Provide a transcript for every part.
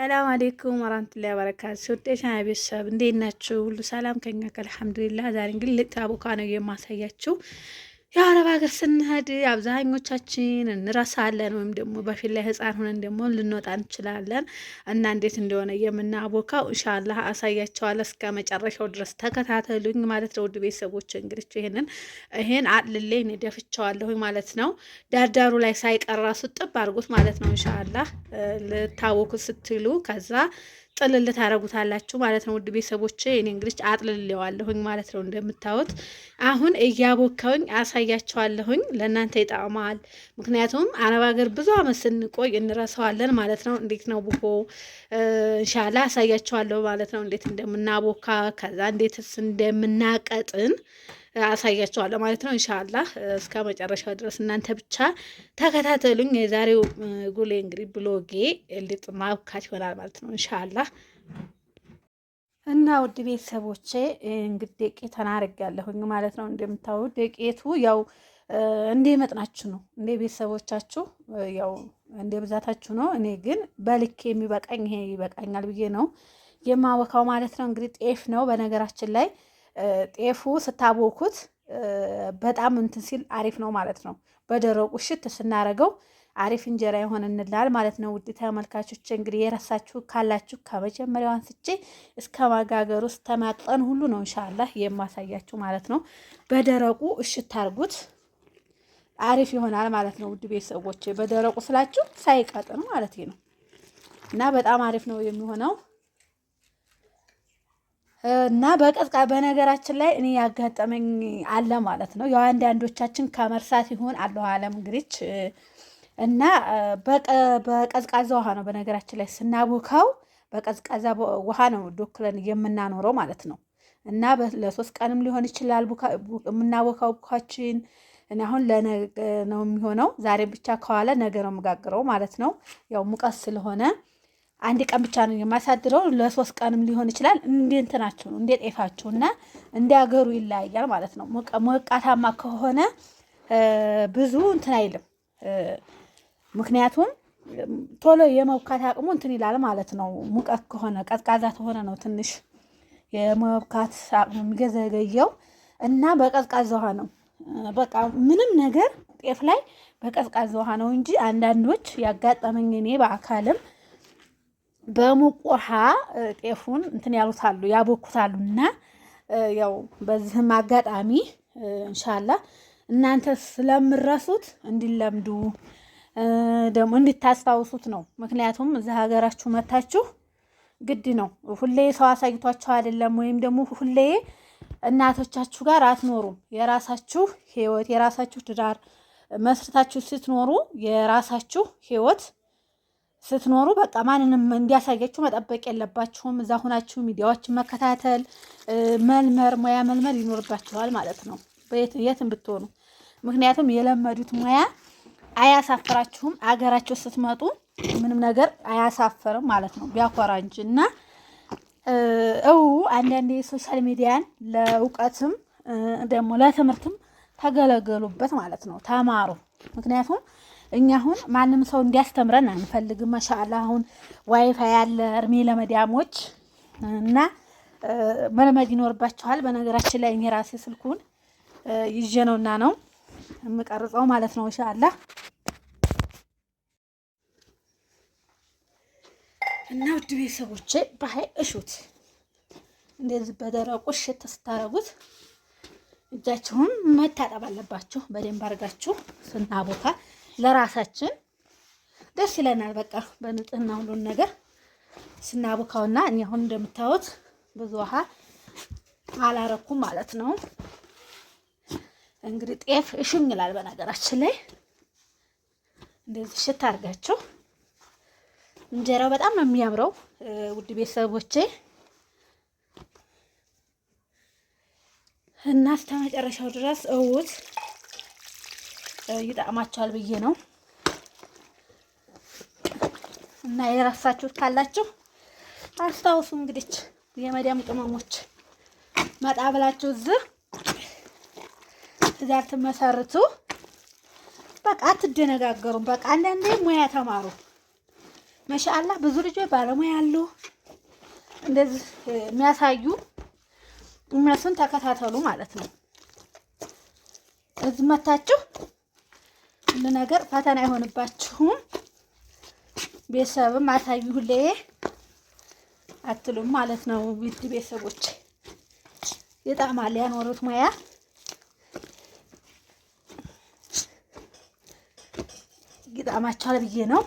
ሰላም አሌይኩም ወራህመቱላሂ ወበረካቱ። ውጤሻ ቤተሰብ እንዴት ናችሁ? ሁሉ ሰላም ከኛ ከአልሐምዱሊላህ። ዛሬ እንግዲህ ልጣ ቦካ ነው የማሳያችሁ የአረብ ሀገር ስንሄድ አብዛኞቻችን እንረሳለን፣ ወይም ደግሞ በፊት ላይ ህፃን ሆነን ደግሞ ልንወጣ እንችላለን እና እንዴት እንደሆነ የምናቦካው እንሻላ አሳያቸዋለሁ። እስከ መጨረሻው ድረስ ተከታተሉኝ ማለት ነው ውድ ቤተሰቦች። እንግዲህ ይህንን ይህን አጥልሌ እኔ ደፍቸዋለሁኝ ማለት ነው። ዳርዳሩ ላይ ሳይቀር ራሱ ጥብ አድርጎት ማለት ነው። እንሻላ ልታቦኩት ስትሉ ከዛ ጥልል ታረጉታላችሁ ማለት ነው። ውድ ቤተሰቦች እኔ እንግዲህ አጥልልዋለሁኝ ማለት ነው። እንደምታዩት አሁን እያቦካውኝ አሳያቸዋለሁኝ። ለእናንተ ይጣማል። ምክንያቱም አረብ ሀገር ብዙ አመት ስንቆይ እንረሳዋለን ማለት ነው። እንዴት ነው ብሆ እንሻላ አሳያቸዋለሁ ማለት ነው። እንዴት እንደምናቦካ ከዛ እንዴትስ እንደምናቀጥን አሳያቸዋለሁ ማለት ነው። እንሻላ እስከ መጨረሻው ድረስ እናንተ ብቻ ተከታተሉኝ። የዛሬው ጉሌ እንግዲህ ብሎጌ ሊጥ ማብካት ይሆናል ማለት ነው ኢንሻአላህ እና ውድ ቤተሰቦቼ እንግዲህ ዱቄቱን አድርጌያለሁኝ ማለት ነው። እንደምታዩ ደቄቱ ያው እንደ መጥናችሁ ነው፣ እንደ ቤተሰቦቻችሁ ያው እንደ ብዛታችሁ ነው። እኔ ግን በልክ የሚበቃኝ ይሄ ይበቃኛል ብዬ ነው የማወካው ማለት ነው። እንግዲህ ጤፍ ነው በነገራችን ላይ ጤፉ ስታቦኩት በጣም እንትን ሲል አሪፍ ነው ማለት ነው። በደረቁ ሽት ስናረገው አሪፍ እንጀራ እንላል ማለት ነው። ውድ ተመልካቾች እንግዲህ የረሳችሁ ካላችሁ ከመጀመሪያው አንስቼ እስከ ውስጥ ተማጠን ሁሉ ነው እንሻላህ የማሳያችሁ ማለት ነው። በደረቁ እሽት አርጉት አሪፍ ይሆናል ማለት ነው። ውድ ቤተሰቦች በደረቁ ስላችሁ ሳይቀጥን ማለት ነው እና በጣም አሪፍ ነው የሚሆነው። እና በቀዝቃ በነገራችን ላይ እኔ ያጋጠመኝ አለ ማለት ነው። ያው አንዳንዶቻችን ከመርሳት ይሁን አለሁ አለም እንግዲህ እና በቀዝቃዛ ውሃ ነው በነገራችን ላይ ስናቦካው በቀዝቃዛ ውሃ ነው ዶክለን የምናኖረው ማለት ነው። እና ለሶስት ቀንም ሊሆን ይችላል የምናቦካው ቡካችን እና አሁን ለነገ ነው የሚሆነው። ዛሬ ብቻ ከዋለ ነገ ነው የምጋግረው ማለት ነው። ያው ሙቀት ስለሆነ አንድ ቀን ብቻ ነው የማሳድረው፣ ለሶስት ቀንም ሊሆን ይችላል። እንደ እንትናችሁ ነው እንደ ጤፋችሁ እና እንደ ሀገሩ ይለያያል ማለት ነው። ሞቃታማ ከሆነ ብዙ እንትን አይልም፣ ምክንያቱም ቶሎ የመብካት አቅሙ እንትን ይላል ማለት ነው። ሙቀት ከሆነ ቀዝቃዛ ከሆነ ነው ትንሽ የመብካት አቅሙ የሚገዘገየው እና በቀዝቃዛ ውሃ ነው በቃ ምንም ነገር ጤፍ ላይ በቀዝቃዛ ውሃ ነው እንጂ አንዳንዶች ያጋጠመኝ እኔ በአካልም በሙቅ ውሃ ጤፉን እንትን ያሉታሉ ያቦኩታሉ። እና ያው በዚህም አጋጣሚ እንሻላ እናንተ ስለምረሱት እንዲለምዱ ደግሞ እንድታስታውሱት ነው። ምክንያቱም እዚህ ሀገራችሁ መታችሁ ግድ ነው። ሁሌ ሰው አሳይቷቸው አይደለም፣ ወይም ደግሞ ሁሌ እናቶቻችሁ ጋር አትኖሩም። የራሳችሁ ህይወት፣ የራሳችሁ ትዳር መስርታችሁ ስትኖሩ የራሳችሁ ህይወት ስትኖሩ በቃ ማንንም እንዲያሳያችሁ መጠበቅ የለባችሁም። እዛ ሁናችሁ ሚዲያዎችን መከታተል፣ መልመር፣ ሙያ መልመር ይኖርባችኋል ማለት ነው የትም ብትሆኑ። ምክንያቱም የለመዱት ሙያ አያሳፍራችሁም። አገራችሁ ስትመጡ ምንም ነገር አያሳፍርም ማለት ነው፣ ቢያኮራ እንጂ እና እው አንዳንዴ የሶሻል ሚዲያን ለእውቀትም ደግሞ ለትምህርትም ተገለገሉበት ማለት ነው። ተማሩ ምክንያቱም እኛ አሁን ማንም ሰው እንዲያስተምረን አንፈልግም። ማሻአላ አሁን ዋይፋይ ያለ እርሜ ለመዳሞች እና መልመድ ይኖርባቸዋል። በነገራችን ላይ እኔ ራሴ ስልኩን ይዤ ነውና ነው የምቀርጸው ማለት ነው። ማሻአላ እና ውድ ቤተሰቦቼ ባህይ እሹት እንደዚህ በደረቁ ሽት ስታረጉት እጃችሁን መታጠብ አለባችሁ በደንብ አድርጋችሁ ስናቦካ ለራሳችን ደስ ይለናል። በቃ በንጽህና ሁሉን ነገር ስናቦካውና እኔ አሁን እንደምታዩት ብዙ ውሃ አላረኩም ማለት ነው። እንግዲህ ጤፍ እሽኝ ይላል በነገራችን ላይ እንደዚህ ሽት አድርጋቸው እንጀራው በጣም ነው የሚያምረው። ውድ ቤተሰቦቼ እና እስከ መጨረሻው ድረስ እውት ይጠቅማቸዋል ብዬ ነው። እና የረሳችሁት ካላችሁ አስታውሱ። እንግዲህ የመዳም ቅመሞች መጣ ብላችሁ እዚህ ትዳር ትመሰርቱ። በቃ አትደነጋገሩም። በቃ አንዳንዴ ሙያ ተማሩ። መሻአላ ብዙ ልጆች ባለሙያ አሉ። እንደዚህ የሚያሳዩ እነሱን ተከታተሉ ማለት ነው። እዚህ መታችሁ ነገር ፈተና አይሆንባችሁም። ቤተሰብም አታዩ ሁሌ አትሉም ማለት ነው። ውድ ቤተሰቦች ይጣማል ያኖሩት ሙያ ይጣማቸዋል ብዬ ነው።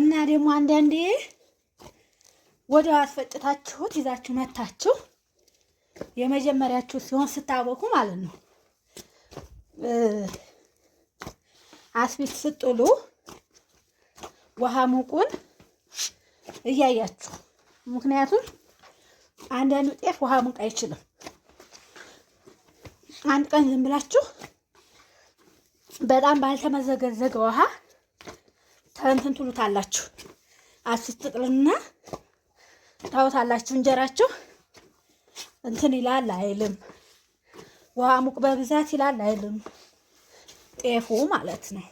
እና ደግሞ አንዳንዴ ወደ አስፈጭታችሁት ይዛችሁ መታችሁ የመጀመሪያችሁ ሲሆን ስታወኩ ማለት ነው። አስፊት ስጥሉ ውሃ ሙቁን እያያችሁ ምክንያቱም አንዳንዱ ጤፍ ውሃ ሙቅ አይችልም። አንድ ቀን ዝም ብላችሁ በጣም ባልተመዘገዘገ ውሃ ተንትንትሉታላችሁ አስፊት ጥቅልና ታውታላችሁ። እንጀራችሁ እንትን ይላል አይልም፣ ውሃ ሙቅ በብዛት ይላል አይልም፣ ጤፉ ማለት ነው።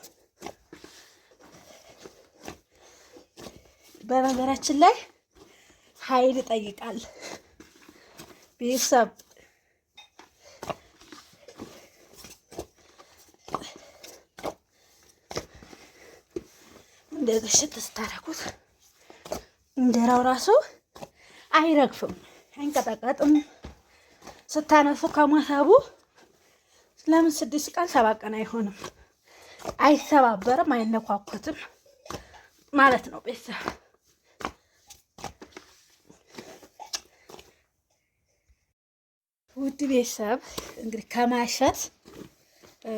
በነገራችን ላይ ኃይል ይጠይቃል ቤተሰብ እንደዚህ ሽት ስታረጉት እንጀራው ራሱ አይረግፍም፣ አይንቀጠቀጥም። ስታነሱ ከማሰቡ ለምን ስድስት ቀን ሰባት ቀን አይሆንም? አይሰባበርም፣ አይነኳኩትም ማለት ነው ቤተሰብ ውድ ቤተሰብ እንግዲህ ከማሸት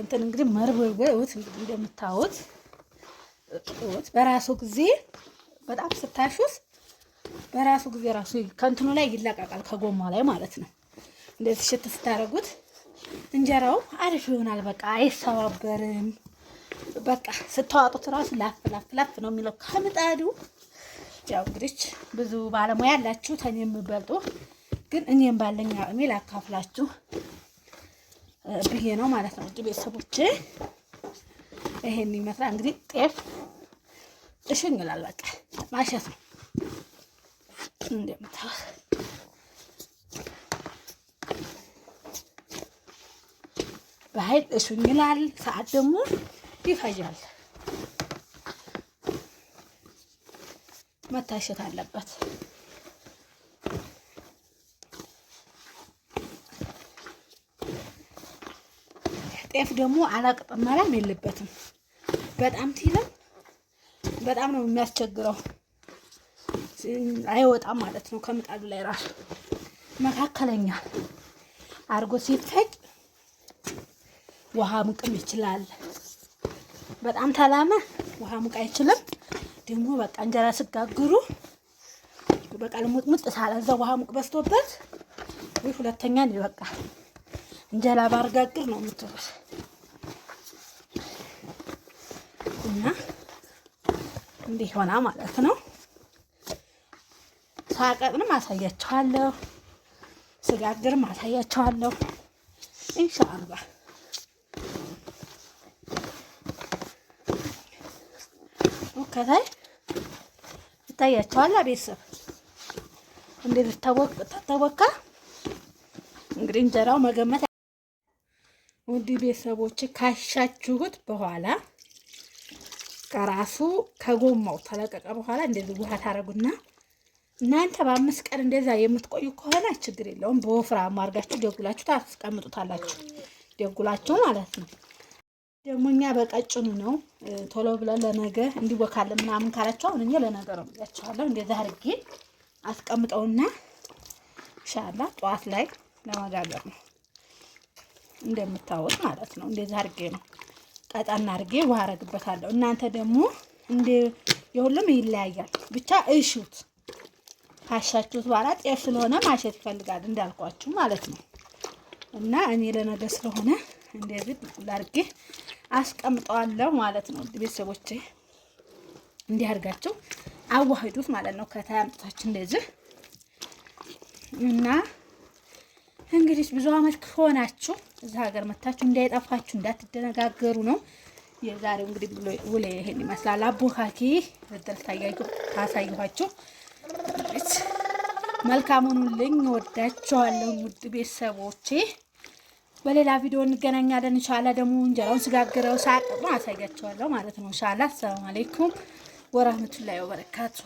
እንትን እንግዲህ መርበርበውት እንደምታዩት በራሱ ጊዜ በጣም ስታሹት በራሱ ጊዜ ራሱ ከንትኑ ላይ ይለቃቃል፣ ከጎማ ላይ ማለት ነው። እንደዚህ ሽት ስታደርጉት እንጀራው አሪፍ ይሆናል። በቃ አይሰባበርም። በቃ ስታዋጡት ራሱ ላፍ ላፍ ላፍ ነው የሚለው ከምጣዱ። ያው እንግዲህ ብዙ ባለሙያ ያላችሁ ተኔ የምበልጡ ግን እኔም ባለኛ አቅሜ ላካፍላችሁ ብዬ ነው ማለት ነው። እጅ ቤተሰቦቼ ይሄን ይመስላል እንግዲህ ጤፍ እሽኝላል በቃ ማሸት ነው። እንደምታዩት በኃይል እሱን ይላል። ሰዓት ደግሞ ይፈጃል፣ መታሸት አለበት። ጤፍ ደግሞ አላቅጥ የለበትም። በጣም ቲለም በጣም ነው የሚያስቸግረው። አይወጣም ማለት ነው። ከምጣዱ ላይ ራሱ መካከለኛ አርጎ ሲፈጭ ውሃ ሙቅም ይችላል። በጣም ተላመ ውሃ ሙቅ አይችልም። ደግሞ በቃ እንጀራ ስጋግሩ በቃ ልሙጥሙጥ ሳለዛ ውሃ ሙቅ በዝቶበት ወይ ሁለተኛ ነው በቃ እንጀራ ባርጋግር ነው የምትሉት እና እንዲህ ሆና ማለት ነው። ሳቀጥንም አሳያችኋለሁ። ስጋግርም አሳያችኋለሁ። ኢንሻአላ ከታይ ይታያቸዋል። ቤተሰብ እንዴት ተወካ? እንግዲህ እንጀራው መገመት ውድ ቤተሰቦች ካሻችሁት በኋላ ከራሱ ከጎማው ተለቀቀ በኋላ እንደዚህ ውሃ ታረጉና እናንተ በአምስት ቀን እንደዛ የምትቆዩ ከሆነ ችግር የለውም። በወፍራም አድርጋችሁ ደጉላችሁ ታስቀምጡታላችሁ። ደጉላችሁ ማለት ነው። ደግሞ እኛ በቀጭኑ ነው ቶሎ ብለን ለነገ እንዲወካለ ምናምን ካላቸው አሁን እኛ ለነገ ነው ብያችኋለሁ። እንደዛ አድርጌ አስቀምጠውና ሻላ ጠዋት ላይ ለመጋገር ነው እንደምታወቅ ማለት ነው። እንደዛ አድርጌ ነው ቀጣና አድርጌ ውሃ አረግበታለሁ። እናንተ ደግሞ እንደ የሁሉም ይለያያል። ብቻ እሹት ካሻችሁት በኋላ ጤፍ ስለሆነ ማሸት ይፈልጋል እንዳልኳችሁ ማለት ነው። እና እኔ ለነገ ስለሆነ እንደዚህ ላርጌ አስቀምጠዋለሁ ማለት ነው። ቤተሰቦቼ እንዲያርጋችሁ አዋህዱት ማለት ነው። ከታይ አምጥታችሁ እንደዚህ እና እንግዲህ ብዙ አመት ከሆናችሁ እዚህ ሀገር መታችሁ እንዳይጠፋችሁ እንዳትደነጋገሩ ነው። የዛሬው እንግዲህ ውሎ ይሄን ይመስላል። አቦካኪ በደል ታያዩ መልካሙን መልካሙኑልኝ ወዳቸዋለሁ፣ ውድ ቤተሰቦቼ። በሌላ ቪዲዮ እንገናኛለን። እንሻላ ደግሞ እንጀራውን ስጋግረው ሳቅ አሳያቸዋለሁ ማለት ነው። እንሻላ አሰላሙ አሌይኩም ወራህመቱላሂ ወበረካቱ።